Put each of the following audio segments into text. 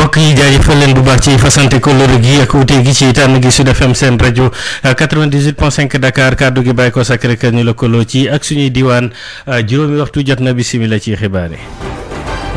bokk yi jaajëfal leen bu baax ci fasante kóllëre gi ak wute gi ci tànn gi Sud FM seen rajo 98.5 euh, Dakar kàddu gi bàyyi ko Sacré Cœur ñu lëkkaloo ci ak suñuy diwaan euh, juróomi waxtu jot na bisimilah ci xibaar yi.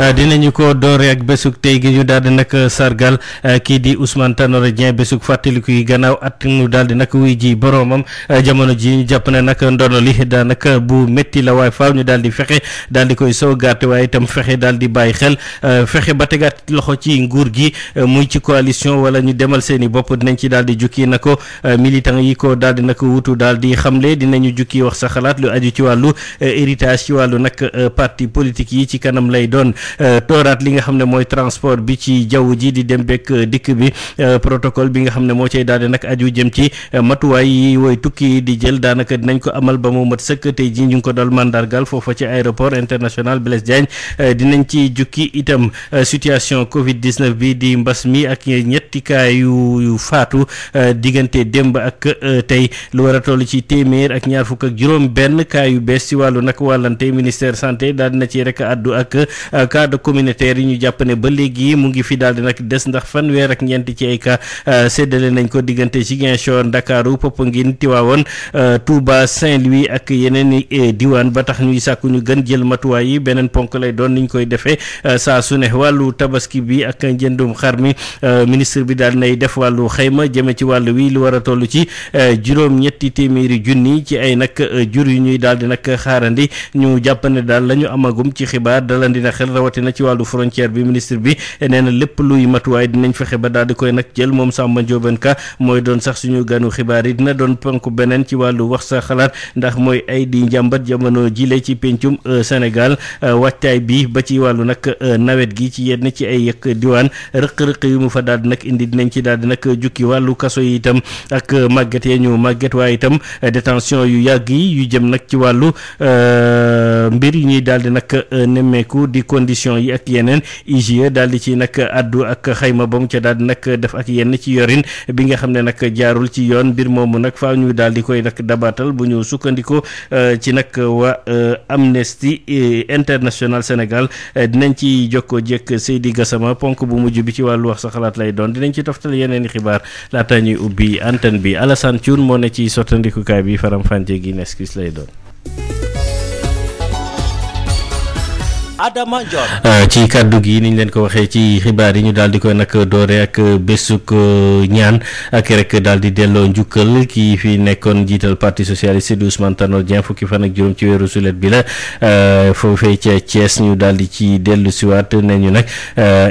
Euh, dinañu ko doore ak bésug tey gi ñu daal di nag euh, sargal euh, kii di Ousmane Tanor Dieng fàttaliku yi gannaaw at mu daal di nag wuy ji boroomam jamono ji ñu jàpp na nag ndono li daanaka bu métti la waaye faaw ñu daal di fexe daal di koy sow gàtte waaye itam fexe daal di bàyyi xel fexe ba tegaat loxo ci nguur gi muy ci coalition wala ñu demal seen i bopp dinañ ci daal di jukki na ko militan yi ko daal di nag wutu daal di xamle dinañu jukki wax sa xalaat lu aju ci wàllu héritage ci wàllu nag parti politique yi ci kanam lay doon Euh, tooraat li nga xam ne mooy transport bi ci jaww ji di dem bekk euh, dikk bi euh, protocole bi nga xam ne moo cay daal nag aju jëm ci matuwaay yi woy tukki di jël daanaka dinañ ko amal ba mu mat sëkk tey jii ñu ngi ko dal mandargal foofa ci aéroport international Blaise Diagne dinañ ci jukki itam situation Covid 19 bi di mbas mi ak ñetti kaa yu faatu diggante démb ak tey lu war a toll ci téeméer ak ñaar fukk ak juróom benn kaa yu bees ci wàllu nak wàllante ministère santé daal dina ci rek addu ak cas de communautaire yi ñu jàpp ne ba léegi mu ngi fi daal di nag des ndax fanweer ak ñeent ci ay cas euh, séddale nañ ko diggante Ziguinchor Ndakaaru Popenguine Tivaouane euh, Touba Saint-Louis ak yeneen i euh, diwaan ba tax ñuy sàkku ñu gën jël matuwaay yi beneen ponk lay doon ni ñu koy defee saa su ne wàllu tabaski bi ak njëndum xar mi ministre bi daal nay def wàllu xayma jëme ci wàllu wii lu war a toll ci juróom-ñetti téeméeri junni ci ay nag jur yu ñuy daal di nag na rawatina ci wàllu frontière bi ministre bi nee na lépp luy matuwaay dinañ fexe ba daal di koy nag jël moom Samba Ndiobène mooy doon sax suñu ganu xibaar yi dina doon ponk beneen ci wàllu wax sa xalaat ndax mooy ay di njàmbat jamono jile ci pencum euh, Sénégal euh, wàccaay bi ba ci wàllu nag euh, nawet gi ci yenn ci ay yëkk diwaan rëq-rëq yu mu fa daal di nag indi dinañ ci daal di nag jukki wàllu kaso yi itam ak màgget ya ñu màgget waaye itam détention yu yàgg yi yu jëm nag ci wàllu mbir yi ñuy daal di conditions yi yeneen IGE daal di ci nag addu ak xayma ba mu daal di nag def ak yenn ci yorin bi nga xam ne nag jaarul ci yoon mbir moomu nag faa ñu daal di koy nag dabatal bu ñu sukkandikoo euh, ci nag waa euh, Amnesty euh, International Sénégal dinañ ci jokkoo jekk Seydi Gassama ponk bu mujj bi ci wàllu wax sa xalaat lay doon dinañ ci toftal yeneen i xibaar laata ñuy ubbi antenne bi Alassane Thioune moo ne ci sottandikukaay bi faram-fàccee gi neeskis lay doon. Adama euh, ci kàddu gi ni ñu leen ko waxee ci xibaar yi ñu daal di koy nag doore ak euh, bésuk euh, ñaan ak rek daal di delloo njukkal kii fi nekkoon jiital parti socialiste di Ousmane Tanor Dieng fukki fan ak juróom ci weeru sulet bi la foofee ca Thiès ñu daal di ci dellu siwaat ne ñu nag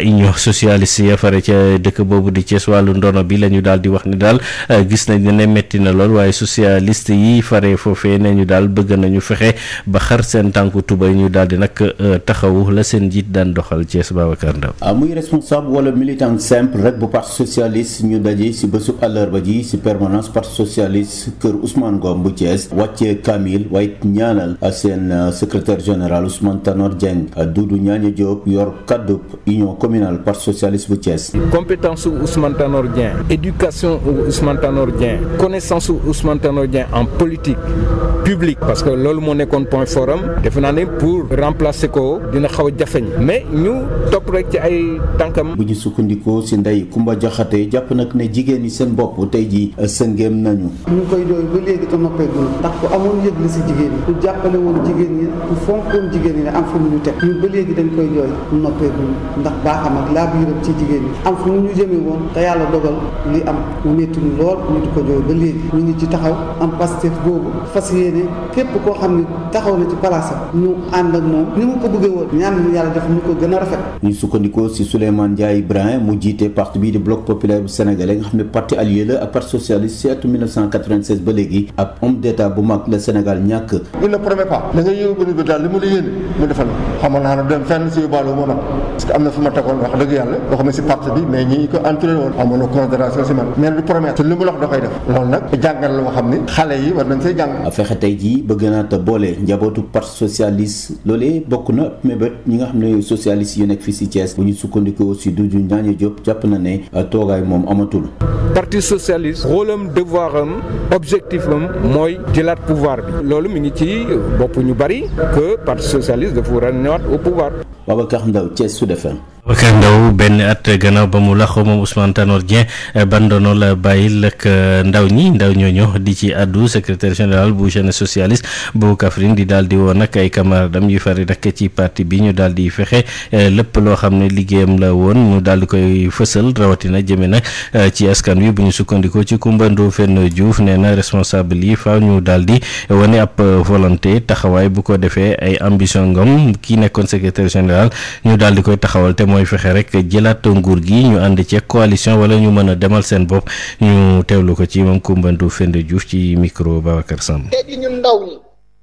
union socialiste ya fare ca dëkk boobu di Thiès wàllu ndono bi la ñu daal di wax ni daal gis nañ ne metti na lool waaye socialiste yi fare foofee ne ñu daal bëgg nañu fexe ba xar seen tànku tubay ñu daal di nag taxawu la seen jiit daan doxal Thiès Babacar Ndaw ah, muy responsable wala militant simple rek bu parti socialiste ñu daje si bésub àllarba ji si permanence parti socialiste kër Ousmane Ngom bu Thiès wàccee Kamil waaye ñaanal seen euh, secrétaire général Ousmane Tanor Dieng ah, Doudou Ñaaña Diop yor kaddu union communal parti socialiste bu Thiès. compétence su Ousmane Tanor Dieng éducation Ousmane Tanor Dieng connaissance su Ousmane Tanor Dieng en politique publique parce que dina xaw a jafeñ mais ñu topp rek ci ay tànkam. bu ñu sukkandikoo si ndey Kumba Jaxate jàpp nag ne jigéen ñi seen bopp tey jii sëngeem nañu. ñu koy jooy ba léegi te noppeegul ndax ku amoon yëg si jigéen ñi. jàppale woon jigéen ñi ku fonkoon jigéen ñi am fu mu ñu teg ñun ba léegi dañ koy jooy noppeegul ndax baaxam ak laa biiram ci jigéen ñi am fu mu ñu jëmee woon te yàlla dogal li am mu métti ñu lool ñu di ko jooy ba léegi ñu ngi ci taxaw am Pastef boobu fas yéene képp koo xam ne taxaw na ci palaasam ñu ànd ak moom ni mu ko bëgg woon ñaan mu yàlla jox ñu ko gën a rafet ñu sukkandikoo si Souleymane Ndiaye Ibrahim mu jiite parti bii di bloc populaire bu sénégalais nga xam ne parti allié la ak parti socialiste bu mag la Sénégal ñàkk bu la pas da nga yóbbu ni bi daal li mu la yéene mu defal xamal naa ne dem fenn si yóbbaaloo moo man parce que am na fu ma tegoon wax dëgg yàlla boo ne si parti bi mais ñi ko entouré woon amoon na si man mais du promettre li mu la wax mébét ñi nga xam ne socialiste yi nekk fii si Thiès bu ñu sukkandiku du Doudou Ndiagne Diop jàpp na ne euh, toogaay moom amatul. parti socialiste rôle am devoir objectif am mooy jëlaat pouvoir bi loolu mi ngi ci bopp ñu bari que parti socialiste dafa war a ñëwaat Babacar Ndaw Thiès Sud FM Babacar Ndaw benn at gannaaw ba mu laxoo moom Ousmane Tanor Dieng ban doono la bàyyil ak euh, ndaw ñi ndaw ñooñu di ci àddu secretaire général bu jeunesse socialiste bu Kaffrine di daal di woon ak ay camaradam yu fari nag ci parti bi ñu daal di fexe euh, lépp loo xam ne liggéeyam la woon ñu daal di koy fësal rawatina jëme nag euh, ci askan wi bu ñu sukkandikoo ci Coumba Ndoffène Diouf nee na responsable yi fa ñu daal di wane ab volonté taxawaay bu ko defee ay ambition ngom kii nekkoon général ñu daal di koy taxawal te mooy fexe rek jëlaat nguur gi ñu ànd ci coalition wala ñu mën a demal seen bopp ñu teewlu ko ci moom Koumba Ndoffène Diouf ci micro Babacar Samb. tey jii ñun ndaw ñi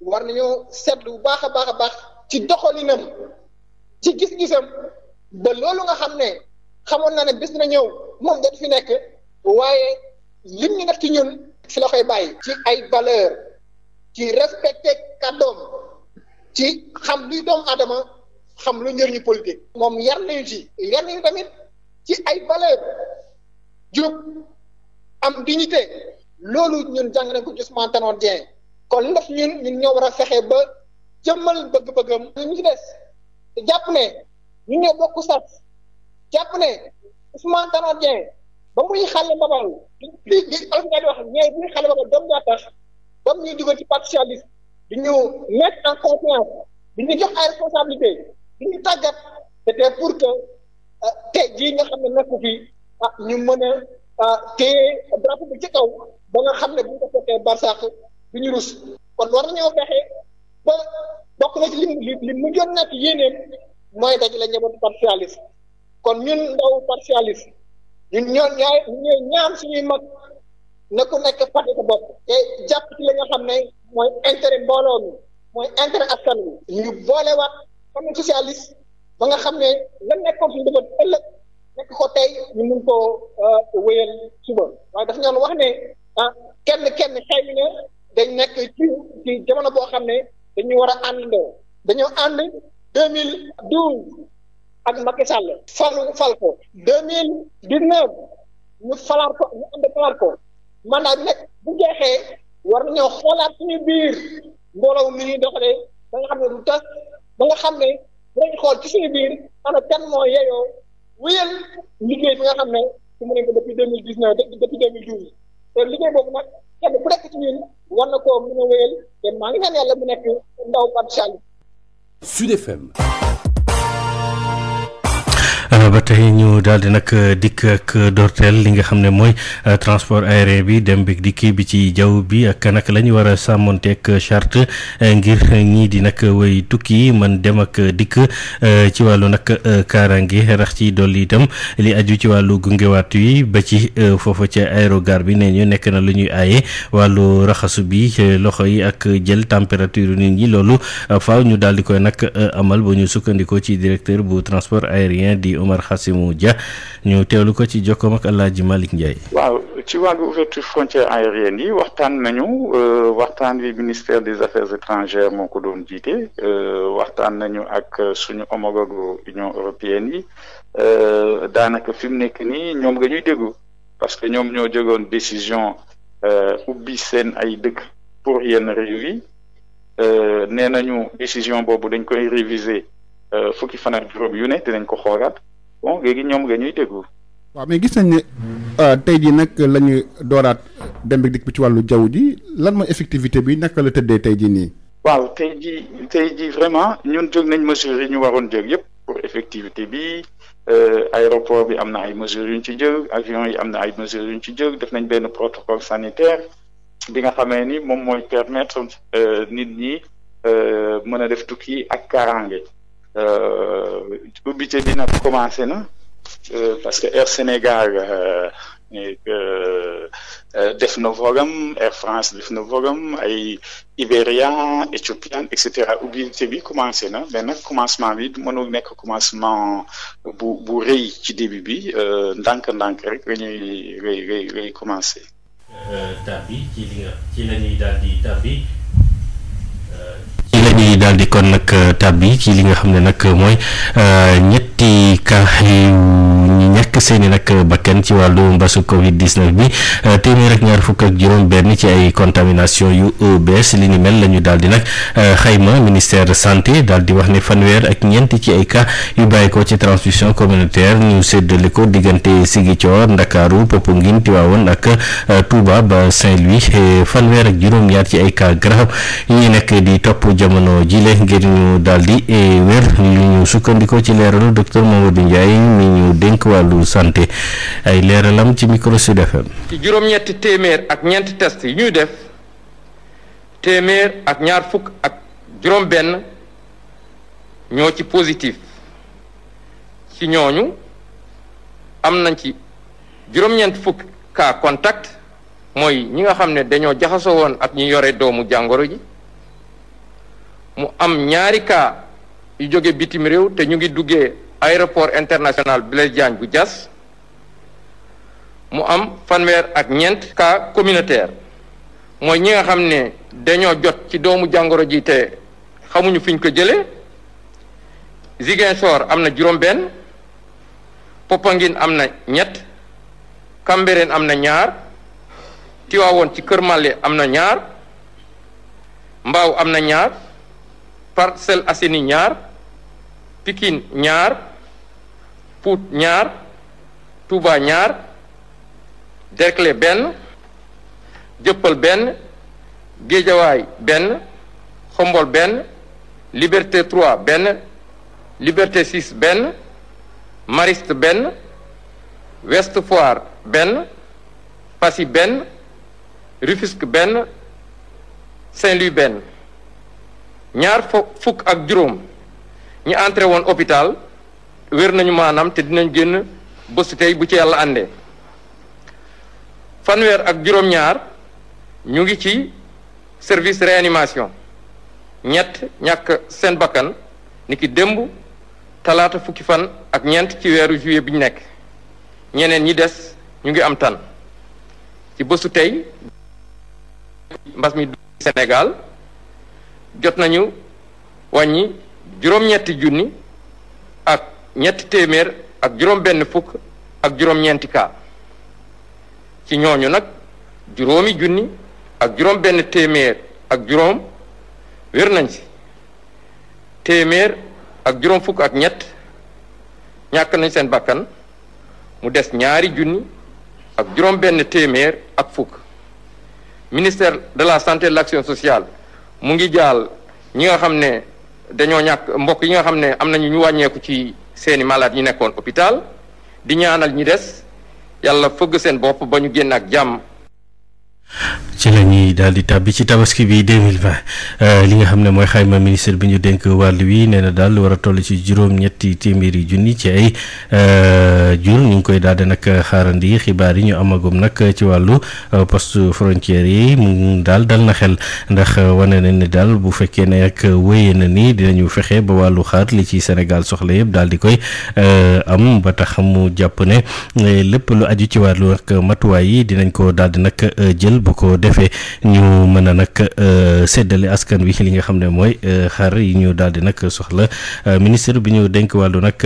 war nañoo seetlu bu baax a baax a baax ci doxalinam ci gis-gisam ba loolu nga xam ne xamoon na ne bis na ñëw moom dañ fi nekk waaye lim ñu def ci ñun fi la koy bàyyi. ci ay valeur ci respecté kàddoom ci xam luy doomu aadama. xam lu njëriñu politique moom yar nañu ci yar nañu tamit ci ay bale jub am dignité loolu ñun jàng nañ ko ci Ousmane Tanor Dieng kon ndax ñun ñun ñoo war a fexe ba jëmmal bëgg-bëggam ñu des te jàpp ne ñun ñoo bokk sat jàpp ne Ousmane Tanor Dieng ba muy xale babal lii li olof nga wax ñeey bu muy xale babal doom daa tax ba mu ñuy dugal ci parti socialiste di ñu mettre en confiance di ñu jox ay responsabilité di ñu tàggat c'était pour que euh, te jii nga xam ne nekku fii ah ñu mën a ah, téye drapeau bi kaw ba nga xam bu ñu ko ñu rus kon war nañoo fexe ba bokk na ci li li mujjoon nekk yéeneen mooy daj dajale njabootu partialiste kon ñun ndaw partialiste ñun ñoo ñaay ñooy ñaan suñuy mag na ku nekk fàtte sa bopp te jàpp ci li nga xam ne mooy intérêt mbooloo mi mooy intérêt askan wi ñu boolewaat famille socialiste ba nga xam ne la nekkoon suñu defoon ëllëg nekk ko tey ñu mun koo euh, wéyal suba waaye dafa ñoon wax ne ah, kenn kenn xëy na dañ nekk ci ci jamono boo xam ne dañu war a àndandoo dañoo ànd deux mille douze ak Macky Sall fal fal ko deux mille dix-neuf ñu falaat ko ñu ànd falaat ko maanaam nag bu jeexee war nañoo xoolaat suñu biir mbooloo mi ñuy doxalee ba xam ne du tas ba nga xam ne dinañ xool ci suñu biir ana kan moo yeyoo wéyal liggéey bi nga xam ne su mu ne ko depuis deux mille dix neuf depuis deux mille douze te liggéey boobu nag kenn ku nekk ci war na koo mën a wéyal te maa ngi ñaan yàlla mu nekk ndaw Pape Sud FM Euh, ba tey ñu daal di nag euh, dikk ak euh, dorteel li nga xam ne mooy transport aérien bi dem bi dikki bi ci jaww bi ak nag la ñu war a sàmmonteeg charte ngir ñii di nag way tukki man dem ak dikk ci wàllu nag kaaraange rax ci dolli itam li aju ci wàllu gungewaatu yi ba ci foofu ca aérogare bi nee ñu nekk na lu ñuy aaye wàllu raxasu bi loxo yi ak jël température nit ñi loolu faw ñu daal di koy nag amal ba ñu sukkandikoo ci directeur bu transport aérien di Omar Khassimou Dia ñu teewlu ko ci jokkoom ak El Hadj Malick Ndiaye. waaw ci wàllu ouverture frontière aérienne yi waxtaan nañu euh, waxtaan wi ministère des affaires étrangères moo ko doon jiite euh, waxtaan nañu ak suñu homologue union européenne yi euh, daanaka fi mu nekk nii ñoom nga ñuy déglu parce que ñoom ñoo jógoon décision ubbi seen ay dëkk pour yenn réew yi nee nañu décision boobu dañ koy réviser fukki fan ak juróom yu ne dinañ ko xoolaat bon léegi ñoom nga ñuy déglu. waaw mais gis nañ ne euh, tey jii nag la ñu dooraat dem bi dikk bi ci wàllu jaww ji lan mooy effectivité bi naka la tëddee tey jii nii. waaw tey jii tey jii vraiment ñun jëg nañ mesures yi ñu waroon jël yëpp pour effectivité bi euh, aéroport bi am na ay mesures yu ñu ci jël avion yi am na ay mesures yu ñu ci jël def nañ benn protocole sanitaire bi nga xamee ni moom mooy permettre euh, nit ñi mën a def tukki ak karange Euh, ubbite bi nag commencé na euh, parce que Air Sénégal euh, def na voram Air France def na voram ay Iberia Ethiopian et cetera bi commencé na mais nag commencement bi mënul nekk commencement bu bu ci début bi ndànk-ndànk rek la lay lay lay commencé. tàbbi ci li nga ci daal di kon nag euh, tab bi ci li nga xam ne nag mooy euh, ñetti cas ñàkk seeni nag bakkan ci wàllu mbasu covid 19 bi euh, téeméer ak ñaar fukk ak juróom benn ci ay contamination yu bees li ni mel la ñu daal di nag euh, xayma ministère santé daal di wax ne fanweer ak ñeent ci ay cas yu bàyyi ko ci transmission communautaire ñu séddale ko diggante Ziguinchor Ndakaaru Popenguine Tivaouane ak euh, Touba ba Saint-Louis fanweer ak ci ay cas grave ñi nekk di topp jamono jile ngir ñu daal di wér ñu sukkandikoo ci leeralu docteur Mamadou Ndiaye mi ñu dénk wàllu wàllu santé ay leeralam ci micro Sud ci juróom-ñetti téeméer ak ñeenti test yu ñuy def téeméer ak ñaar fukk ak juróom-benn ñoo ci positif ci ñooñu am nañ ci juróom-ñeent fukk cas contact mooy ñi nga xam ne dañoo jaxasoo woon ak ñi yore doomu jàngoro ji mu am ñaari cas yu jóge bitim réew te ñu ngi duggee. aéroport international Blaise Diagne bu Diass mu am fanweer ak ñeent ka communautaire mooy ñi nga xam ne dañoo jot ci doomu jàngoro ji te xamuñu fiñ ko jële jëlee Ziguinchor am na juróom-benn Popenguine am na ñett Cambérène am na ñaar Tivaouane ci Kër Mallé am na ñaar Mbao am na ñaar Parcelles Assainies ñaar. Pikine ñaar Pout ñaar Touba ñaar Derklé benn Jëppal benn géjawaay benn Xombol benn Liberté 3 benn Liberté 6 benn Mariste benn Ouest Foire benn Passy benn Rufisque benn Saint-Louis benn ñaar fukk ak juróom ñi entré woon hôpital wér nañu maanaam te dinañ génn bésu tey bu ci yàlla àndee fanweer ak juróom-ñaar ñu ngi ci service réanimation ñett ñàkk seen bakkan ni ki démb talaata fukki fan ak ñeent ci weeru juillet bi ñu nekk ñeneen ñi des ñu ngi am tan ci bésu tey mbas mi du Sénégal jot nañu wàññi juróom-ñetti junni ak ñett téeméer ak juróom-benn fukk ak juróom-ñeenti kaa ci ñooñu nag juróomi junni ak juróom-benn téeméer ak juróom wér nañ si téeméer ak juróom fukk ak ñett ñàkk nañ seen bakkan mu des ñaari junni ak juróom-benn téeméer ak fukk ministère de la santé et de l'action sociale mu ngi jaal ñi nga xam ne dañoo ñàkk mbokk yi nga xam ne am nañu ñu wàññeeku ci seeni malade ñu nekkoon hôpital di ñaanal ñi des yàlla fëgg seen bopp ba ñu génn ak jàmm ci la ñuy daal di tàbbi ci tabaski bii 2020 euh, li nga xam ne mooy xayma ministre bi ñu dénk wàll wii nee na daal war a toll ci juróom-ñetti téeméeri junni ci ay euh, jur ñu ngi koy daal di nag xaarandi xibaar yi ñu amagum nag ci wàllu euh, poste frontière yi mu daal dal na xel ndax wane na ni daal bu fekkee ne ak wéyee na dina dinañu fexe ba wàllu xaar li ci senegal soxla yëpp daal di koy am ba tax mu jàpp ne lépp lu aju ci wàllu ak matuwaay yi dinañ ko daldi di nag jël. bu ko defee ñu mën a nag euh, séddale askan wi li nga xam ne mooy euh, xar yi ñu daal di nag soxla euh, ministre bi ñu dénk wàllu nag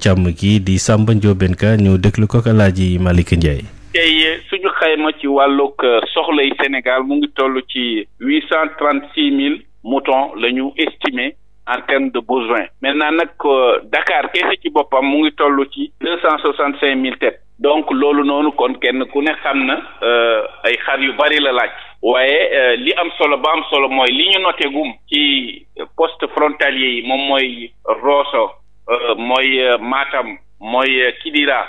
càmm gi di Samba Ndiobène Ka ñu déglu ko ak El Hadji Malick Ndiaye. tey suñu xayma ci wàllug soxlay Sénégal mu ngi toll ci huit cent trente six en termes de besoin maintenant nag euh, Dakar kese ci boppam mu ngi toll ci deux cent soixante cinq mille têtes donc loolu noonu kon kenn ku ne xam na euh, ay xar yu bari la laaj waaye euh, li am solo ba am solo mooy li ñu noté gum ci poste frontalier yi moom mooy Rosso mooy Matam mooy Kidira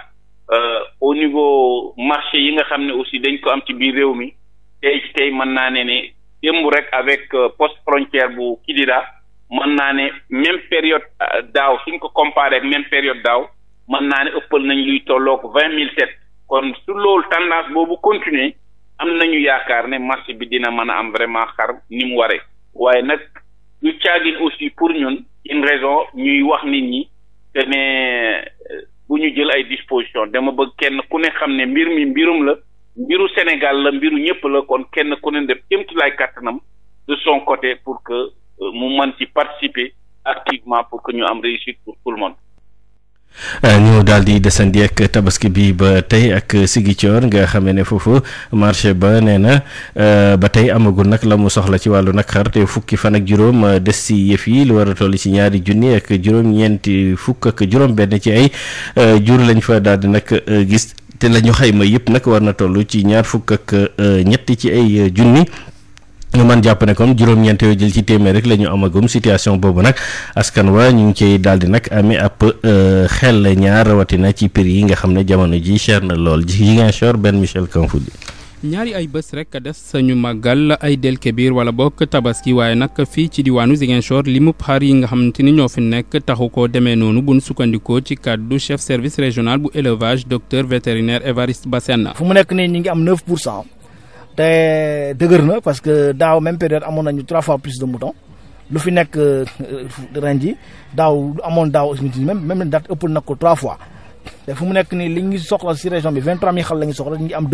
au niveau marché yi nga xam ne aussi dañ ko am ci biir réew mi tey tey mën naa ne ni démb rek avec poste frontière bu Kidira mën naa ne même période euh, daaw suñ ko comparé ak même période daaw mën naa ne ëppal nañ luy tolloog vingt mille têtes kon su loolu tendance boobu continuer am nañu yaakaar ne marché bi dina mën a am vraiment xar ni mu waree waaye nag du caagin aussi pour ñun une raison ñuy wax nit ñi que ne euh, bu ñu jël ay disposition dama bëgg kenn ku ne xam ne mbir mi mbirum la mbiru Sénégal la mbiru ñëpp la kon kenn ku ne def kémtu lay kàttanam de son côté pour Euh, mu mën ci participer activement pour que ñu am réussite pour tout le euh, ñu daal di desandi ak tabaski bi ba tey ak Ziguinchor nga xamee ne foofu marché ba nee na euh, ba tey amagul nag la mu soxla ci wàllu nag xar te fukki fan ak juróom des ci yëf yi lu war a toll ci ñaari junni ak juróom-ñeenti fukk ak juróom-benn jur lañ fa daal di nag gis te xayma yëpp nag war na toll ci ñaar fukk ak ci ay junni. man jàpp ne comme juróom-ñeent yoo jël ci téeméer rek la ñu amagum situation boobu nag askan wa ñu ngi ciy daal di nag amee ab euh, xel ñaar rawatina ci prix yi nga xam ne jamono ji cher na lool Ziguinchor benn Michel Kanfoudi ñaari ay bés rek des sañu la ay delke biir wala bokk tabaski waaye nag fii ci diwaanu Ziguinchor li mu xar yi nga xamante ni ñoo fi nekk taxu ko demee noonu bun sukkandikoo ci kàddu chef service régional bu élevage docteur vétérinaire Évariste Bassène fu mu nekk nii ñu ngi am 9 pour cent te dëgër na parce que daaw même période amoon nañu trois fois plus de mouton lu fi nekk euh, ren ji daaw amoon daaw même même date ëpp na ko trois fois te fu mu nekk nii li ngi soxla si région bi vingt trois la ñu soxla ñu ngi am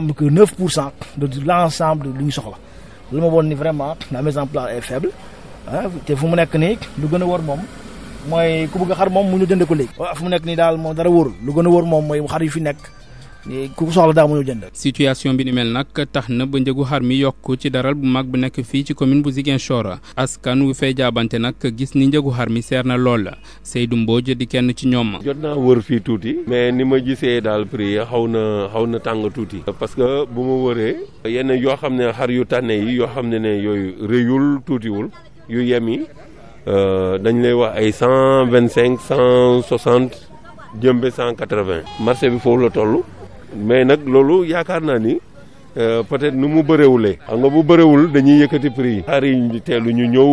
am que neuf pour l' ensemble ni vraiment la mise en place te fu mu nekk nii lu gën a wóor moom mooy ku bëgg xar moom mu ñu jënd ko léegi. fu mu nekk nii daal moo dara wóorul lu gën a wóor moom mooy xar yu fi nekk. ku soxla daa mu ñëw jënd. situation bi ni mel nag tax na ba njëgu xar mi yokk ci daral bu mag bu nekk fii ci commune bu Ziguinchor askan wu fay jaabante nag gis ni njëgu xar mi seer na lool Seydou Mbodj di kenn ci ñoom. jot naa wër fii tuuti. mais ni ma gisee daal prix xaw na xaw na tàng tuuti. parce que bu ma wëree. yenn yoo xam ne xar yu tànne yi yoo xam ne ne yooyu rëyul tuutiwul yu yem yi euh, dañ lay wax ay cent vingt cinq cent soixante jëmbe cent quatre vingt. marché bi foofu la toll. mais nag loolu yaakaar naa ni euh, peut-être nu mu bëreewulee. xam nga bu bëreewul dañuy yëkkati prix yi. xaar yi teelu ñu ñëw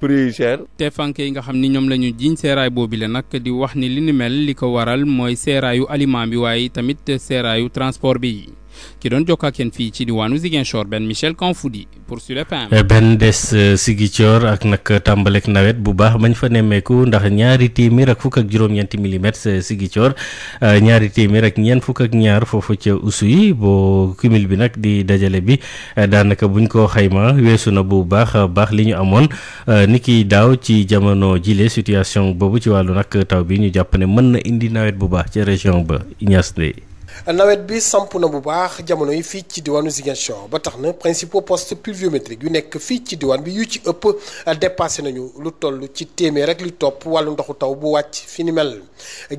prix yi cher. te fanke yi nga xam ni ñoom la ñu jiñ seeraay boobu la nag di wax ni li ni mel li ko waral mooy seeraayu aliment bi waaye tamit seeraayu transport bi. yi ki doon jokkoo ak yéen fii ci diwaanu Ziguinchor benn Michel Kanfoudi pour Sud FM. Eh, benn des eh, Ziguinchor ak nag tàmbaleeg nawet bu baax bañ fa nemmeeku ndax ñaari téeméer ak fukk ak juróom-ñeenti milimètres eh, Ziguinchor ñaari téeméer ak ñeent fukk ak ñaar foofu ca Oussouye boo cumul bi nag di dajale bi daanaka buñ ko xayma weesu na bu baax baax li ñu amoon ni ki daaw ci jamono jile situation boobu ci wàllu nag taw bi ñu jàpp ne mën na indi nawet bu baax ca région ba Ignace nawet bi samp na bu baax jamono yi fii ci diwaanu Ziguinchor ba tax na principaux postes pluviométriques yu nekk fii ci diwaan bi yu ci ëpp euh, dépassé nañu lu toll ci téeméer rek lu topp wàllu ndoxu taw bu wàcc fi ni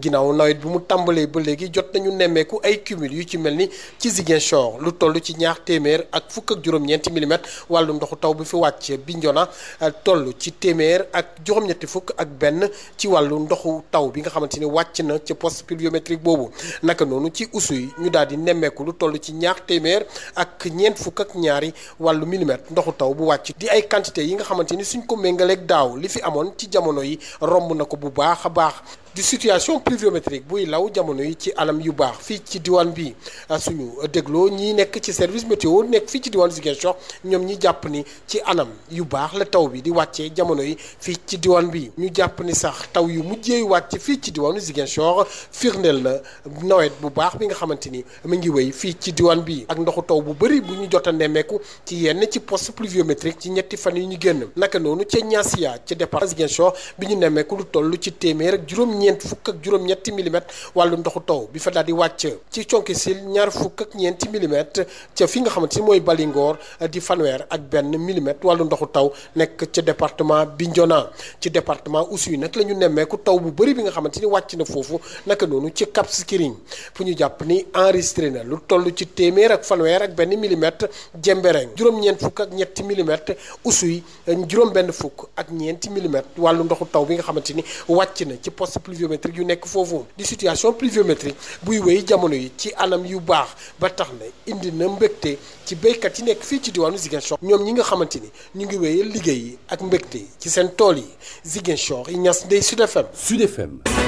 ginnaaw nawet bi mu tàmbalee ba léegi jot nañu nemmeeku ay cumul yu ci mel ni ci Ziguinchor lu toll ci ñaar téeméer ak fukk ak juróom-ñeenti milimètres wàllu ndoxu taw bi fi wàcc Bignona euh, toll ci téeméer ak juróom fukk ak benn ci wàllu ndoxu taw bi nga xamante ni wàcc na ci poste pluviométrique boobu naka noonu ci Sow ñu daal di nemmeeku lu tollu ci ñaar téeméer ak ñeent fukk ak ñaari wàllu milimètre ndoxu taw bu wàcc di ay quantité yi nga xamante ni suñ ko méngaleeg daaw li fi amoon ci jamono yi romb na ko bu baax a baax di situation pluviométrique buy law jamono yi ci anam yu baax fii ci diwaan bi ah, suñu dégloo ñi nekk ci service météo nekk fii ci diwaan Ziguinchor ñoom ñi jàpp ni ci anam yu baax la taw bi di wàccee jamono yi fii ci diwaan bi ñu jàpp ni sax taw yu mujjee wàcc fii ci diwaanu Ziguinchor firndeel na nawet bu baax bi nga xamante ni mu ngi wéy fii ci diwaan bi ak ndoxu taw bu bëri bu ñu jot nemmeeku ci yenn ci poste pluviométrique ci ñetti fan yu ñu génn naka noonu ca Niassia ci département Ziguinchor bi ñu nemmeeku lu toll ci téeméer ak juróom juróom-ñeent fukk ak juróom-ñetti milimètres wàllu ndoxu taw bi fa daal di wàcc ci conki ñaar fukk ak ñeenti milimètres ca fi nga xamante ni mooy Balingoor eh, di fanweer ak benn milimètre wàllu ndoxu taw nekk ca département Bignona ci département Oussouye nag la ñu nemmeeku taw bu bëri bi nga xamante ni wàcc na foofu naka noonu ci Cap Skirring fu ñu jàpp ni enregistré na lu toll ci téeméer ak fanweer ak benn milimètre Jembereng juróom-ñeent fukk ak ñetti milimètres Oussouye eh, juróom-benn fukk ak ñeenti milimètres wàllu ndoxu taw bi nga xamante pluviométrique yu nekk foofu di situation pluviométrique buy wéy jamono yi ci alam yu baax ba tax la indi na mbëgte ci béykat yi nekk fii ci diwaanu Ziguinchor ñoom ñi nga xamante ni ñu ngi wéyal liggéey yi ak yi ci seen tool yi Ziguinchor Ignace Ndeye Sud FM Sud FM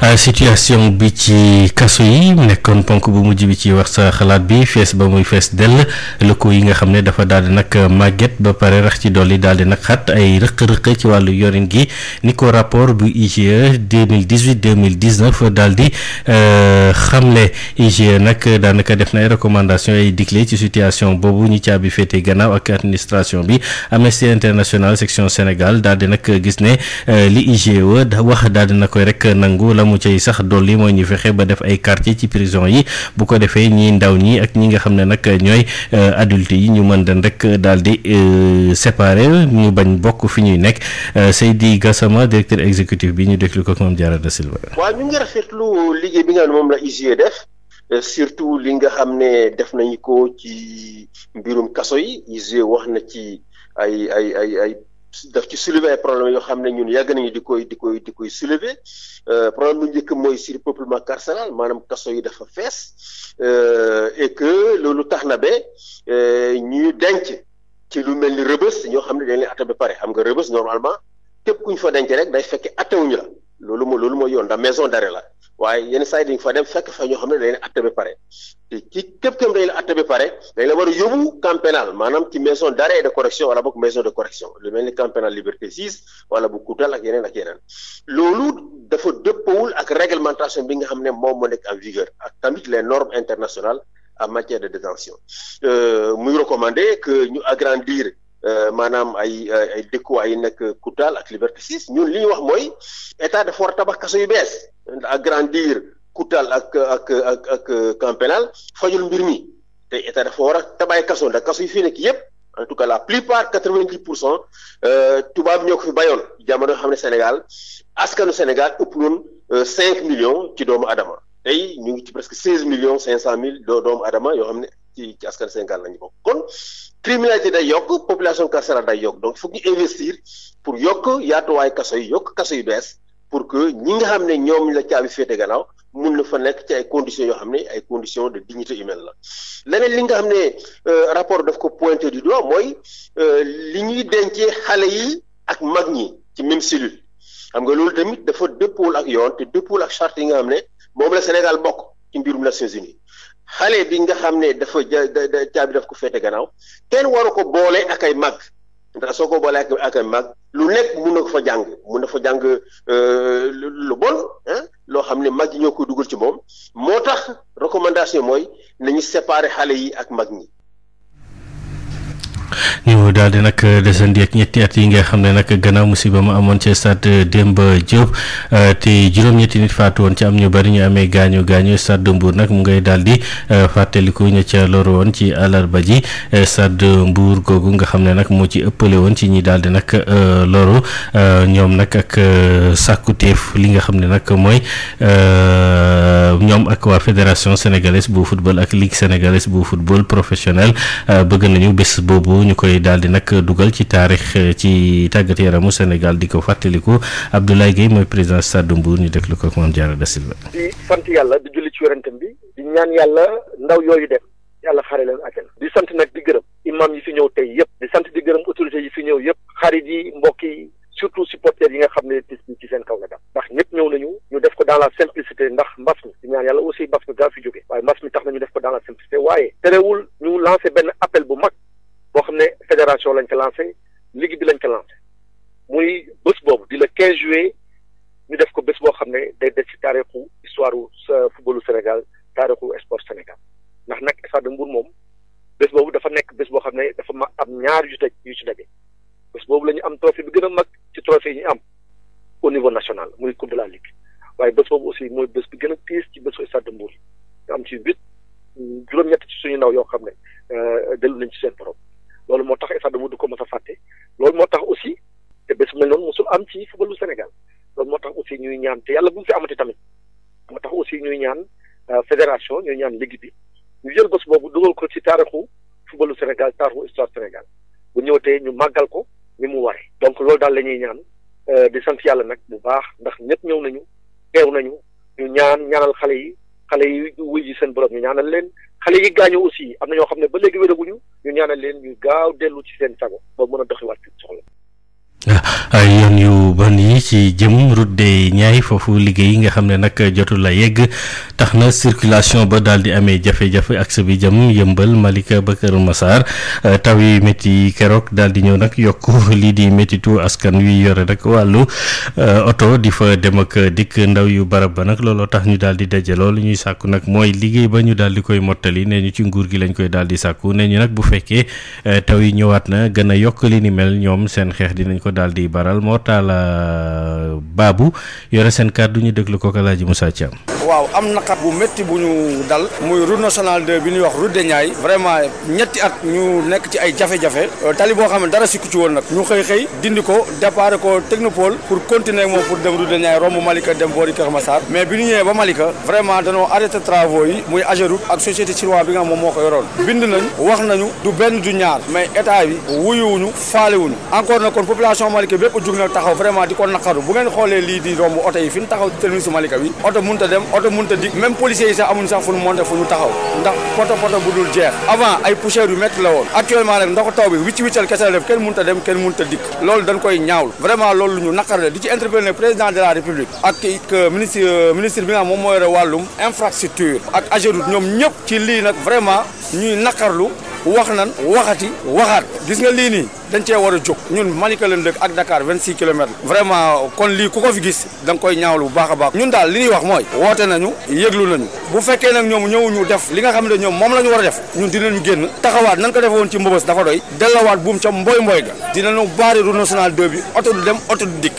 Euh, situation bi ci kaso yi nekkoon ponk bu mujj bi ci wax sa xalaat bi fees ba muy fees dell lëkko yi nga xam ne dafa daal nag màgget ba pare rax ci dolli daal di nag xat ay rëq-rëq ci wàllu yorin gi ni ko rapport bu IGE 2018 2019 daal di euh, xamle IGE nag daanaka def na ay recommandation ay digle ci situation boobu ñu caabi féete gannaaw ak administration bi Amnesty International section Sénégal daal di nag gis ne euh, li IGE wax daal di na koy rek nangu la lamu cay sax dolli mooy ñu fexe ba def ay quartier ci prison yi bu ko defee ñi ndaw ñi ak ñi nga xam ne nag ñooy euh, adulte yi ñu mën den rek dal di euh, séparer ñu bañ bokk fi ñuy nekk euh, Seydi Gassama directeur exécutif bi ñu déglu ko ak moom Diarra da Silva. waaw ñu ngi rafetlu liggéey bi nga moom la UG def. surtout li nga xam ne def nañu ko ci mbirum kaso yi UG wax na ci ay ay ay ay daf ci soulever ay problèmes yoo xam ne ñun yàgg nañu di koy di koy di koy soulever euh, problème bu njëkk mooy surpeuplement carcéral maanaam kaso yi dafa fees e que loolu tax na ba euh, ñuy denc ci lu mel ni rëbës ñoo xam ne dañ leen atta ba pare xam nga rëbës normalement képp ku ñu fa denc rek day fekke fekkee attewuñu la loolu moo loolu mooy yoon ndax maison d'arrêt la waaye yenn saa yi dañ fa dem fekk fa ñoo xam ne dañ la atte ba pare te ci képp képp dañ atte ba pare dañ la war a yóbbu camp maanaam ci maison d'arrêt et de correction wala boog maison de correction lu mel ni camp pénal liberté 6 wala bu Koutal ak yeneen ak yeneen loolu dafa dëppawul ak réglementation bi nga xam ne moom moo nekk en vigueur ak tamit les normes internationales en matière de détention euh, muy recommandé que ñu agrandir euh, maanaam ay ay dëkkuwaay yi nekk Koutal ak ñun li ñu wax mooy état dafa war a yu bees agrandir Koutal ak ak ak ak camp pénal fajul mbir mi te état dafa war a tabaay kaso ndax yi fii nekk yëpp en tout cas la plupart quatre-vingt-dix pour cent euh, tubaab ñoo ko fi bayoon jamono xam ne Sénégal askanu Sénégal ëpp loon euh, cinq millions ci doomu adama tey ñu ngi ci presque seize millions cinq cent mille doom adama yoo xam ne ci ci askan Sénégal lañu bokk kon criminalité day yokk population carcérale day yokk donc il faut investir pour yokk yaatuwaay kaso yi yokk kaso yu bees pour que ñi nga xam ne ñoom la caabi féete ganaaw mun na fa nekk ci ay conditions yoo xam ne ay conditions de dignité humaine la leneen li nga xam ne euh, rapport daf ko pointé du doigt mooy euh, li ñuy dencee xale yi ak mag ñi ci même cellule xam nga loolu tamit dafa dëppool ak yoon te dëppool ak charte yi nga xam ne moom la Sénégal bokk ci mbirum Nations Unies xale bi nga xam ne dafa ja caabi daf ko féete gannaaw kenn waru ko boole ak ay mag. ndax soo ko boolee ak mag lu nekk mun na ko fa jàng mun na fa jàng euh, lu bon ah loo xam ne mag yi ñoo ko dugal ci moom moo tax recommandation mooy nañu séparer xale yi ak mag ñi ñu daal di nag euh, desandi ak ñetti yi nga xam ne nag gannaaw musiba ma amoon ci stade euh, Demba Diop euh, te juróom-ñetti nit woon ci am ñu bari ñu amee gaañu gaañu stade de nag ngay daal di fàttaliku ña ca loru woon ci àllarba ji stade Mbour googu nga xam ne nag moo ci ëppale woon ci ñi daal di nag loru ñoom nag ak sàkkuteef li nga xam ne nag mooy ñoom ak waa fédération sénégalaise bu football ak ligue sénégalaise bu football professionnel bëgg nañu bés boobu. boobu ñu koy daal di nag dugal ci taarix ci tàggat yaramu Sénégal di ko fàttaliku Abdoulaye Guèye mooy président Stade Mbour ñu déglu ko ak Mame Diarra Da Silva. di sant yàlla di julli ci yorentam bi di ñaan yàlla ndaw yooyu dem yàlla xare leen àjjana di sant nag di gërëm imam yi fi ñëw tey yëpp di sant di gërëm autorités yi fi ñëw yëpp xarit yi mbokk yi surtout supporters yi nga xam ne ci seen kaw la dal ndax ñëpp ñëw nañu ñu def ko dans la simplicité ndax mbas mi di ñaan yàlla aussi mbas mi gaa fi jóge waaye ko dans la simplicité waaye boo xam ne fédération lañ ko lancé ligue bi lañ ko lancé muy bés boobu di le 15 juillet ñu def ko bés boo xam ne day des ci taarixu histoire footballu Sénégal taarixu sport Sénégal ndax nag stade de Mbour moom bés boobu dafa nekk bés boo xam ne dafa ma am ñaar yu tëj yu ci daje bés boobu la ñu am trophée bi gën a mag ci trophée yi ñu am au niveau national muy coupe de la ligue waaye bés boobu aussi mooy bés bi gën a tiis ci bésu stade de Mbour ñu am ci huit juróom-ñett ci suñu ndaw yoo xam ne euh, dellu nañ ci seen borom. loolu moo tax Stade Demba du ko mës a fàtte loolu moo tax aussi te bés mel noonu mosul am ci footballu Sénégal loolu moo tax aussi ñuy ñaan te yàlla bu mu fi amati tamit moo tax aussi ñuy ñaan euh, fédération ñuy ñaan ligue bi ñu jël bés boobu dugal ko ci taarixu footballu Sénégal taarixu histoire Sénégal bu ñëwatee ñu màggal ko ni mu waree. donc loolu daal la ñaan euh, di sant yàlla nag bu baax ndax ñëpp ñëw nañu teew nañu ñu ñaan ñaanal xale yi xale yi wuy ji seen borom ñu ñaanal leen. xale yi gaañoo aussi am na ñoo xam ne ba léegi wéraguñu ñu ñaanal leen ñu gaaw dellu ci seen sago ba mën a doxiwaat seen soxla Ah, ay yoon yu bon yi ci jëm route des Niayes foofu liggéey yi nga xam ne nag jotul la yegg tax na circulation ba daal di amee jafe-jafe axe bi jëm yëmbal Malika ba Kër Massar ah, taw yi métti keroog daal di ñëw nag yokk lii di méttitu askan wi yore rek wàllu ah, oto di fa dem ak dikk ndaw yu barab ba nag looloo tax ñu daal di daje loolu ñuy sàkku nag mooy liggéey ba ñu daal di koy mottali nee ñu ci nguur gi lañ koy daal di sàkku nee ñu nag bu fekkee eh, taw yi ñëwaat na gën a yokk li ni mel ñoom seen xeex dinañ ko. daal di baral Mortala euh, Babou yore seen kàddu ñu déglu ko Alaaji Moussa Thiam. waaw am naqar bu métti bu ñu dal muy route nationale 2 bi ñuy wax route de Niayes vraiment ñetti at ñu nekk ci ay jafe-jafe euh, tali boo xam ne dara sikku ci woon nag ñu xëy xëy dindi ko départ ko technopole pour continuer moom pour dem route de Niayes romb Malika dem boori Kër Massar mais bi ñu ñëwee ba Malika vraiment danoo arrêté travaux yi muy Ageroute ak société chinoise bi nga xam moom moo ko yoroon bind nañ wax nañu du benn du ñaar mais population Malika jug nag taxaw vraiment di ko naqaru bu ngeen xoolee lii di romb oto yi fi ñu taxaw terminus Malika bi oto mënut a dem oto mënut a dikk même policiers yi sax amuñ sax fu ñu monté fu ñu taxaw ndax poto poto bu dul jeex avant ay poussières yu métti la woon actuellement nag ndoxu taw bi wicc wiccal kese la def kenn mënut a dem kenn mënut a dikk loolu dañ koy ñaawul vraiment loolu lu ñu naqar la di ci interpellé président de la république ak euh, ministre euh, ministre bi nga xam moom moo yore wàllum infrastructure ak AGEROUTE ñoom ñëpp ci lii nag vraiment ñuy naqarlu wax nan waxati waxaat gis nga lii nii dañ cee war a jóg ñun Malika lañ dëkk ak Dakar 26 kilomètres vraiment kon lii ku ko fi gis danga koy ñaawlu bu baax a baax ñun daal li ñuy wax mooy woote nañu yëglu nañu bu fekkee nag ñoom ñëwuñu def li nga xam ne ñoom moom la ñu war a def ñun dinañu génn taxawaat nan ko defe woon ci mbëbës dafa doy dellawaat buum ca mbooy mbooy ga dinañu baari route nationale 2 bi oto du dem oto du dikk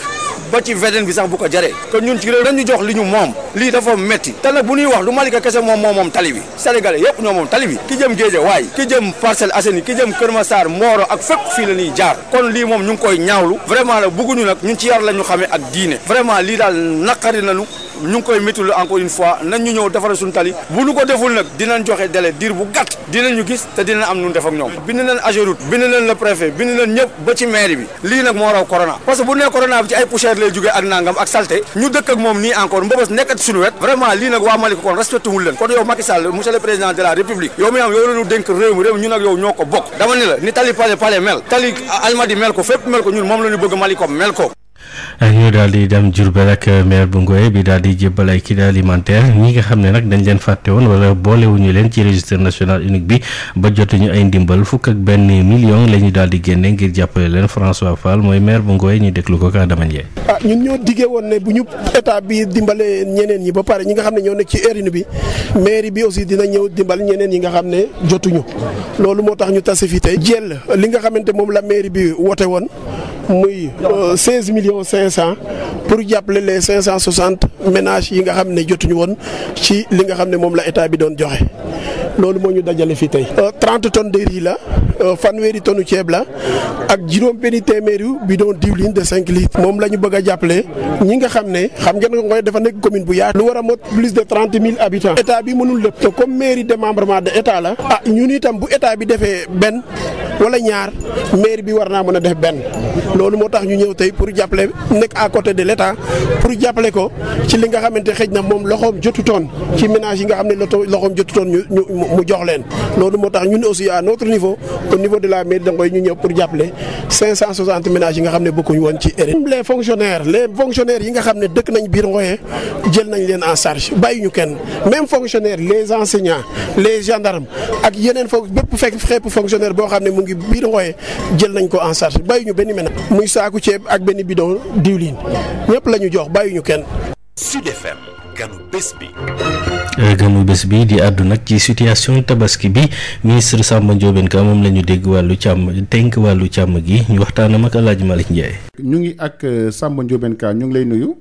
ba ci veden bi sax bu ko jaree kon ñun ci réew dañu jox li ñu moom lii dafa métti te nag bu ñuy wax du Malika kese moom moom moom tali bi sénégalais yëpp ñoo moom tali bi ki jëm Guédiawaye ki jëm Parcelles Assainies ki jëm Kër Massar Mboro ak fépp fii la ñuy jaar kon lii moom ñu ngi koy ñaawlu vraiment nag bugguñu nag ñun ci yar la ñu xamee ak diine vraiment lii daal naqari nañu ñu ngi koy méttiwul encore une fois nañ ñu ñëw defaral suñu tali bu ñu ko deful nag dinañ joxe délai diir bu gàtt dinañu gis te dinañ am nun def ak ñoom bind nañ Ageroute bind nañ le préfet bind nañ ñëpp ba ci maire bi lii nag moo raw corona parce que bu nee corona bi ci ay poussière lay jógee ak nangam ak salté ñu dëkk moom nii encore mbëbës nekkat suñu wet vraiment lii nag waa Malika kon respecté leen kon yow Macky Sall monsieur le président de am yow lañu dénk réew mi réew mi ñun ak yow ñoo ko ko mel ko Eh, ñu daal di dem Diourbel ak eh, maire bu Ngoye bi daal di jébbal ay kit alimentaire ñi nga xam ne nag dañ leen fàtte woon wala boolewuñu leen ci registre national unique bi ba jotuñu ay ndimbal fukk ak benn million la ñu daal di génne ngir jàppale leen François Fall mooy maire bu Ngoye ñu déglu ko Adama Ndiaye. ah ñun diggee woon ne bu ñu état bi dimbalee ñeneen ñi ba pare ñi nga xam ne ñoo nekk ci erreur bi mairie bi aussi dina ñëw dimbal ñeneen ñi nga xam ne jotuñu loolu moo tax ñu tase fi tey jël li nga xamante moom la mairie bi wote woon muy 16 euh, millions 500 pour jàppale les 560 ménages yi nga xam ne jotuñu woon ci li nga xam ne moom la état bi doon joxe. loolu moo ñu dajale fii tey. 30 euh, tonnes de riz la euh, fanweeri tonnes ceeb la ak juróom benni téeméeri bidon diwlin de 5 litres moom la ñu bëgg jàppale ñi nga xam ne xam ngeen Ngoye dafa nekk commune bu yaatu. lu war a mot plus de 30 000 habitants. état bi mënul lépp te comme mairie démembrement de état la. ah ñun itam bu état bi defee benn wala ñaar maire bi war naa mën a def benn loolu moo tax ñu ñëw tey pour jàppale nekk à côté de l' état pour jàppale ko ci li nga xamante xëj na moom loxoom jotutoon ci ménage yi nga xam ne loxoom jotutoon ñu ñu mu jox leen loolu moo tax ñu ñun aussi à notre niveau au niveau de la mairie de Ngoye ñu ñëw pour jàppale 560 ménages yi nga xam ne bokkuñu woon ci RN. les fonctionnaires les fonctionnaires yi nga xam ne dëkk nañ biir Ngoye jël nañ leen en charge bàyyi ñu kenn même fonctionnaires les enseignants les gendarmes ak yeneen fo bépp fekk xeepu fonctionnaire boo xam ne mu ngi biir Ngoye jël nañ ko en charge bàyyi ñu benn ménage muy saaku ceeb ak benn bidon diwlin ñëpp la ñu jox bàyyi ñu kenn. si FM ganu bi. gëmu bés bi di àddu nag ci situation tabaski bi ministre Samba Ndiobène Ka moom la ñu dégg wàllu càmm tenk wàllu càmm gi ñu waxtaanam ak El Hadj ñu ngi ak euh, Samba Ndiobène Ka ñu ngi lay nuyu.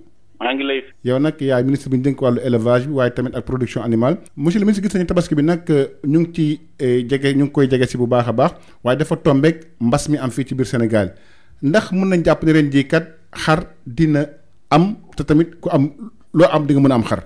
yow nag yaay ministre bi ñu dénk wàllu élevage bi waaye tamit ak production animale monsieur le ministre gis nañu tabaski bi nag euh, ñu ngi ci euh, jege ñu ngi koy jege si bu baax a baax waaye dafa tombeek mbas mi am fii ci biir Sénégal ndax mun nañ jàpp ne ren jii kat xar dina am te tamit ku am loo am di nga mën a am xar.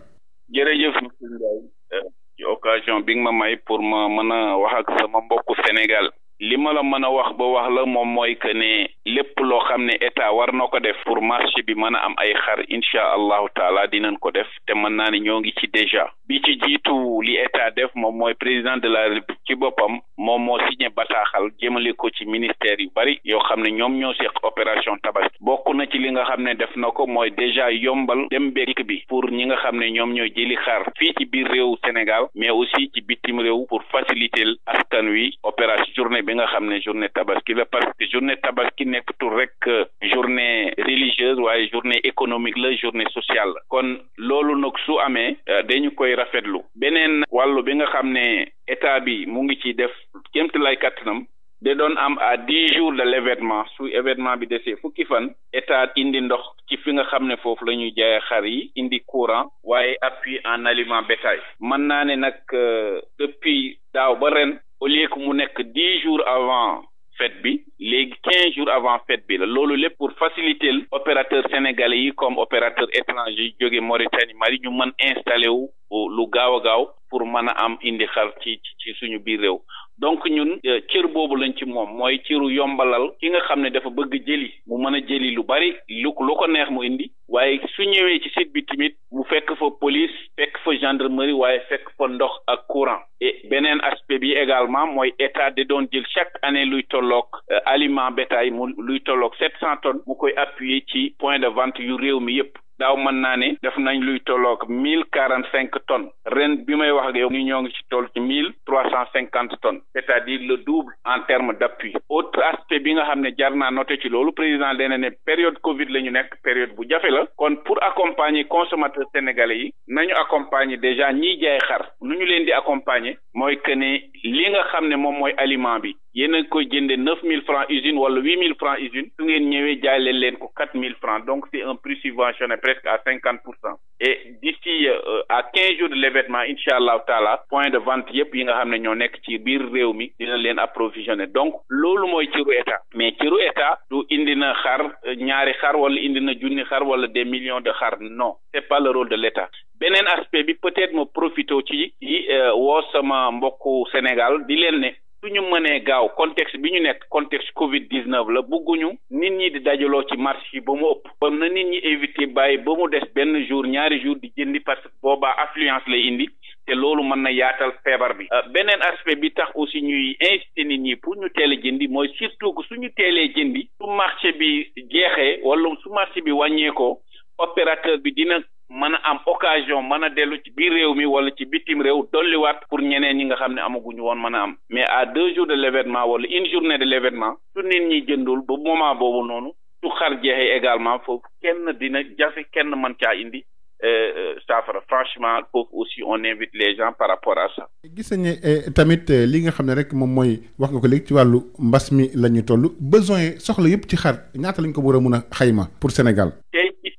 occasion bi nga ma may pour ma mën a wax ak sama mbokku Sénégal li ma la mën a wax ba wax la moom mooy que ne lépp loo xam ne état war na ko def pour marché bi mën a am ay xar incha allahu taala dinañ ko def te mën naa ne ñoo ngi ci déjà bi ci jiitu li état def moom mooy président de la république ci boppam moom moo signé bataaxal jëmale ko ci ministère yu bari yoo xam ne ñoom ñoo seq opération tabaski bokk na ci li nga xam ne def na ko mooy déjà yombal dem bekk bi pour ñi nga xam ne ñoom ñoo jëli xar fii ci biir réew Sénégal mais aussi ci bitim réew pour faciliter askan wi opération journée bi bi nga xam ne journée tabaski la parce que journée tabaski nekkatul rek euh, journée religieuse waaye journée économique la journée sociale la kon loolu nag su amee euh, dañu koy rafetlu beneen wàllu bi nga xam ne état bi mu ngi ci def kémti lay kàttanam da doon am à dix jours de l' su événement bi desee fukki fan état indi ndox ci fi nga xam ne foofu la ñuy jaayee xar yi indi courant waaye appui en aliment bétail mën naa ne nag euh, depuis daaw ba ren au lieu que mu nekk dix jours avant fête bi léegi quinze jours avant fête bi la loolu lépp pour faciliter opérateur sénégalais yi comme opérateur étranger yi jóge Mauritanie Mali ñu man installé wu lu gaaw a gaaw pour mën a am indi xar ci ci suñu biir réew donc ñun euh, cër boobu lañ ci moom mooy cëru yombalal ki nga xam ne dafa bëgg jëli mu mën a jëli lu bari lu lu ko neex mu indi waaye su ñëwee ci site bi tamit mu fekk fa police fekk fa gendarmerie waaye fekk fa ndox ak courant et beneen aspect bi également mooy état da doon jël chaque année luy tolloog euh, aliment bétail mu luy tolloog sept cent tonnes mu koy appuyer ci point de vente yu réew mi yépp daaw mën naa ne def nañ luy tolloog mille quarante cinq tonnes ren bi may wax ak yow ñu ngi ci toll ci mille trois cent cinquante tonnes c'est-à-dire le double en termes d'appui autre aspect bi nga xam ne jar naa noté ci loolu président dana ne période Covid la ñu nekk période bu jafe la kon pour accompagner consommateurs sénégalais yi nañu accompagner déjà ñi jaay xar nu ñu leen di accompagner mooy que ne li nga xam ne moom mooy aliment bi yéen a koy jëndee neuf mille francs usine wala huit mille francs usine su ngeen ñëwee jaay leen leen ko quatre mille francs donc c'est un prix subventionné presque à cinquante pour cent et d'ici euh, à quinze jours de l'événement incha allahu taala point de vente yëpp yi nga xam ne ñoo nekk ci biir réew mi dina leen approvisionné donc loolu mooy ciru état mais ciru état du indi na xar euh, ñaari xar wala indi na junni xar wala des millions de xar non c'est pas de l'état beneen aspect bi peut-être ma profité ci yi euh, woo sama mbokku Sénégal di leen su ñu mënee gaaw context bi ñu nekk contexte Covid 19 la bëgguñu nit ñi di dajaloo ci marché yi ba mu ëpp. na nit ñi éviter bàyyi ba mu des benn jour ñaari jour di jëndi parce que boobaa affluence lay indi te loolu mën na yaatal feebar bi. Euh, beneen aspect bi tax aussi ñuy inciter nit ñi pour ñu teel a jëndi mooy surtout que su ñu teelee jëndi su marché bi jeexee wala su marché bi wàññeekoo opérateur bi dina. mën a am occasion mën a dellu ci biir réew mi wala ci bitim réew dolliwaat pour ñeneen ñi nga xam ne amaguñu woon mën a am mais à deux jours de l'événement wala une journée de l'événement su nit ñi jëndul ba moment boobu noonu su xar jeexee également foofu kenn dina jafe kenn man caa indi euh, euh, saafara franchement foofu aussi on invite les gens par rapport à ça. gis nañu ne euh, tamit li nga xam ne rek moom mooy wax nga ko léegi ci wàllu mbas mi la ñu toll besoin soxla yëpp ci xar ñaata lañ ko war a mun a xayma pour Sénégal.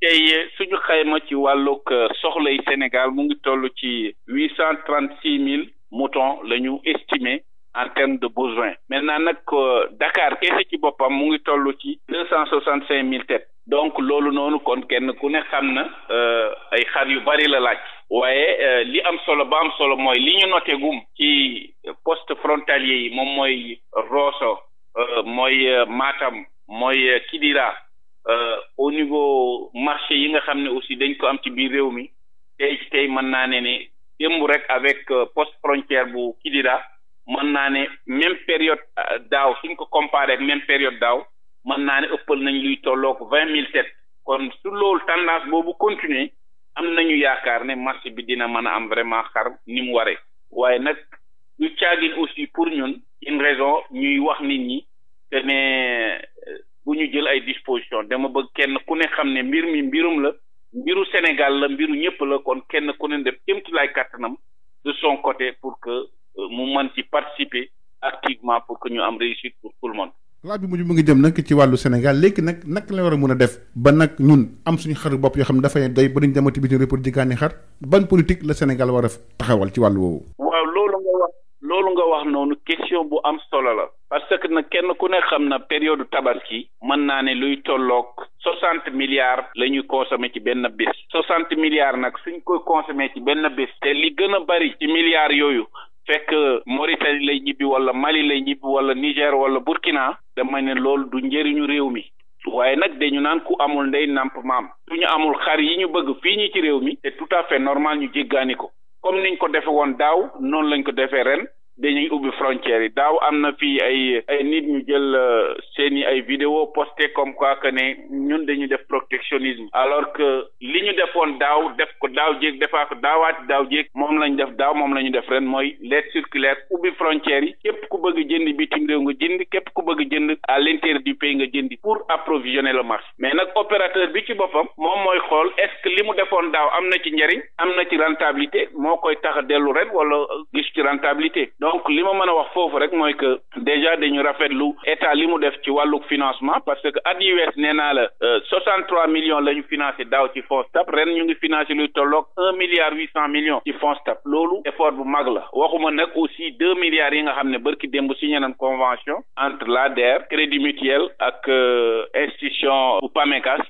tey suñu xayma ci wàllug euh, soxlay Sénégal mu ngi tollu ci huit cent trente six mille mouton la ñu estimé en de besoin maintenant nag euh, Dakar kese ci boppam mu ngi toll ci deux cent soixante cinq mille têtes donc loolu noonu kon kenn ku ne xam na euh, ay xar yu bari la laaj waaye li am solo ba am solo mooy li ñu noté gum ci post frontalier yi moom mooy Rosso mooy maatam mooy Kidira Euh, au niveau marché yi nga xam ne aussi dañ ko am ci biir réew mi tey tey mën naa ne ne démb rek avec euh, poste frontière bu Kidira mën naa ne même période euh, daaw suñ ko comparé même période daaw mën naa ne ëppal nañ luy tolloog vingt mille sept kon su loolu tendance boobu continuer am nañu yaakaar ne marché bi dina mën a am vraiment xar ni mu waree waaye nag du caagin aussi pour ñun une raison ñuy wax nit ñi que ne bu ñu jël ay disposition dama bëgg kenn ku ne xam ne mbir mi mbirum la mbiru Sénégal la mbiru ñëpp la kon kenn ku ne def kéem tolluwaay kàttanam de son côté pour que euh, mu man ci participer activement pour que ñu am réussite pour tout le monde. laaj bi mujj mu ngi jëm nag ci wàllu Sénégal léegi nag nak la war a mën a def ba nag ñun am suñu xaru bopp yoo xam ne dafay doy ba duñ demati bitim réew pour jéggaani xar ban politique la Sénégal war a taxawal ci wàllu woowu. loolu nga wax noonu question bu am solo la parce que nag kenn ku ne xam na période tabaski mën naa ne luy tolloog soixante milliards la ñuy consommer ci benn bés soixante milliards nag suñ koy consommer ci benn bés te li gën a bari ci milliards yooyu fekk Mauritanie lay ñibbi wala Mali lay ñibbi wala Niger wala Burkina dama ne loolu du njëriñu réew mi waaye nag dañu naan ku amul ndey nàmp maam su ñu amul xar yi ñu bëgg fii ñi ci réew mi c'est tout à fait normal ñu jéggaani ko comme niñ ko defe woon daaw noonu lañ ko defee ren dañuy ubbi frontières yi daaw am na fii ay ay nit ñu jël euh, seeni ay vidéo poste comme quoi que ne ñun dañu def protectionnisme alors que li ñu defoon daaw def ko daaw jéeg defaa ko daawaati daaw jéeg moom lañu def daaw moom la ñu def ren mooy lettre circulaire ubbi frontières yi képp ku bëgg jënd bitim réew nga jënd képp ku bëgg jënd à l'intérieur du pays nga jëndi pour approvisionner le marche mais nag opérateur bi ci boppam moom mooy xool est-ce que li mu defoon daaw am na ci njariñ am na ci rentabilité moo koy tax a dellu ren wala gis ci donc li ma mën a wax foofu rek mooy que déjà dañu lu état li mu def ci wàllu financement parce que at yi wees nee naa la euh, soixante trois millions la ñu financé daaw ci fonds TAP ren ñu ngi financé luy tolloog un milliard huit cent millions ci fonds TAP loolu effort bu mag la waxuma nag aussi deux milliards yi nga xam ne bërki démb signé nañ convention entre l'ADER crédit mutuel ak euh, institution bu PAMECAS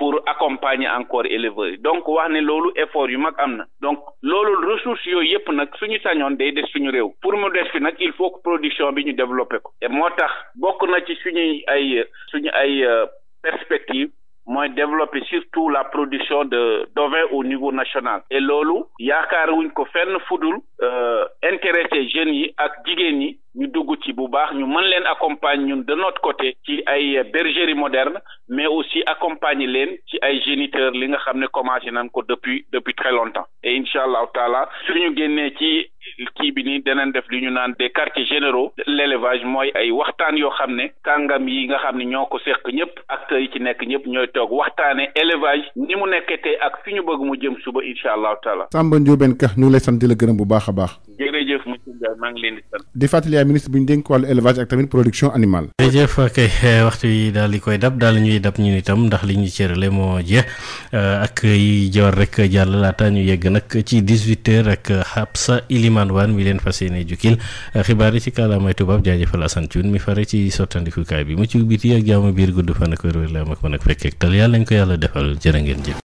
pour accompagner encore éleveurs yi donc wax ne loolu effort yu mag am na donc loolu ressources yooyu yëpp nag ñu sañoon day des suñu réew pour mu des fi nag il faut que production bi ñu développé ko et moo tax bokk na ci suñuy ay suñu ay euh, perspective mooy développer surtout la production de d'ovins au niveau national et loolu yaakaar wuñ ko fenn fudul euh, intéressé jeunes yi ak jigéen ñi ñu dugg ci bu baax ñu man leen accompagne ñun de notre côté ci ay bergerie moderne mais aussi accompagner leen ci ay géniteurs li nga xam ne commencé nañ ko depuis depuis très longtemps et incha allahu taala suñu génnee ci kii bi nii danañ def li ñu naan des quartiers généraux l'élevage mooy ay waxtaan yoo xam ne kàngam yi nga xam ne ñoo ko seq ñëpp acteurs yi ci nekk ñëpp ñooy toog waxtaane élevage ni mu nekkee tey ak fi ñu bëgg mu jëm suba incha allah taala Samba Ndiobène Ka ñu lay sant di bu baax a baax jërëjëf monsieur maa ngi leen di yaay ministre bi ñu ko wàllu élevage ak tamit production animale. jërëjëf kay eh, waxtu yi daal di koy dab daal ñuy dab ñu itam ndax li ñu cërale moo jeex eh, ak yi jawar rek jàll laata ñu yegg nag ci 18h ak Habsa Ilimane Wane mi leen fas yéene jukkil xibaar yi ci kàllaamay tubaab jaajëfal Assane mi fare ci sottandikukaay bi mu ci biti ak jaamu biir gudd fan ak wér-wér la am ak mën ak fekkeek tal yàlla nañ ko yàlla defal jërë ngeen jëf.